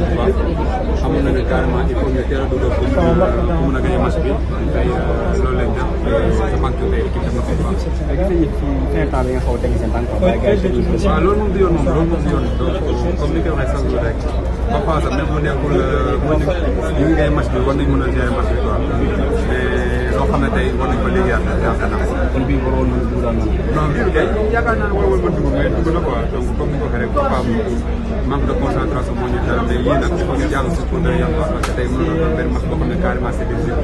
bu baax xamoon na ne carrément il faut ñu teel a dugal pour mun a gagné match bi tey euh, loolu lañ def sa banque tey équipe def na ko bu baax. waaw loolu moom du yoon moom loolu moom du yoon donc comme ni ko waxee sax rek ba passé même bu nekkul mu euh, ñu ngi ngay match bi war nañ mën a gérer match bi quoi. loo xam ne tey war nañ ko liggéeyaat yaakaar naa ko. kon bii waroon nañ dugg daal non bii kay yaakaar naa ne war woon ba dugg mais dugg na quoi donc comme ni ko waxee rek Fapal manque de concentration moo ñu dara mais yii nag il faut ñu jàll si pour ne yàlla parce que tey mënoon na doon benn match boo xam ne carrément c' est difficile.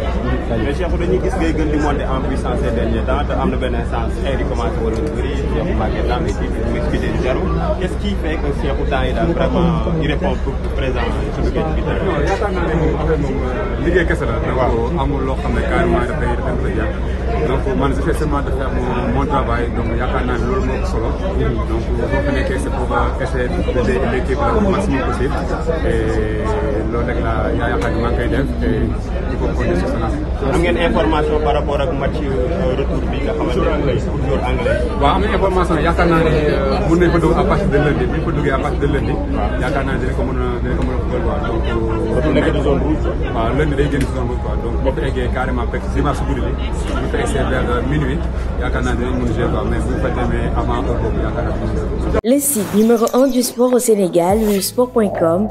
mais Cheikh dañuy gis ngay gën di monter en puissance ces derniers temps te am na benn instance ay di commencé wala lu bëri Cheikh Maguette dans les titres mu expliqué zéro qu' est ce qui fait que Cheikh temps yi daal vraiment il répond présent sur le gerte bi. non yaakaar naa ne moom affaire moom euh, liggéey kese la. waaw amul loo xam ne carrément tey ren la jàpp donc man j'essaie pues, pues, de faire mon mon travail donc yaakaar naa ne loolu moo ko solo donc boo ko nekkee c'est pour essayer d'aider l'équipe le maximum possible et eh, loolu rek laa yaakaar ne maa ngi koy def te il faut que ñu si am ngeen information par rapport ak match euh, retour bi nga xamante ne anglais information yaakaar naa ne euh, mën nañu fa dugg à partir de lundi bi duggee à partir de lundi. waaw naa ne dina ko mën a dina ko mën a dugal quoi donc. Euh, retour nekk de zone rouge. waaw lundi day génn zone rouge quoi donc boo ko eggee carrément fekk dimanche guddi bi bu fekkee vers Le site numéro 1 du sport au Sénégal, sport.com,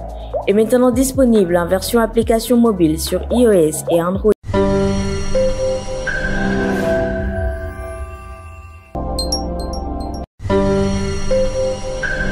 est maintenant disponible en version application mobile sur iOS et Android.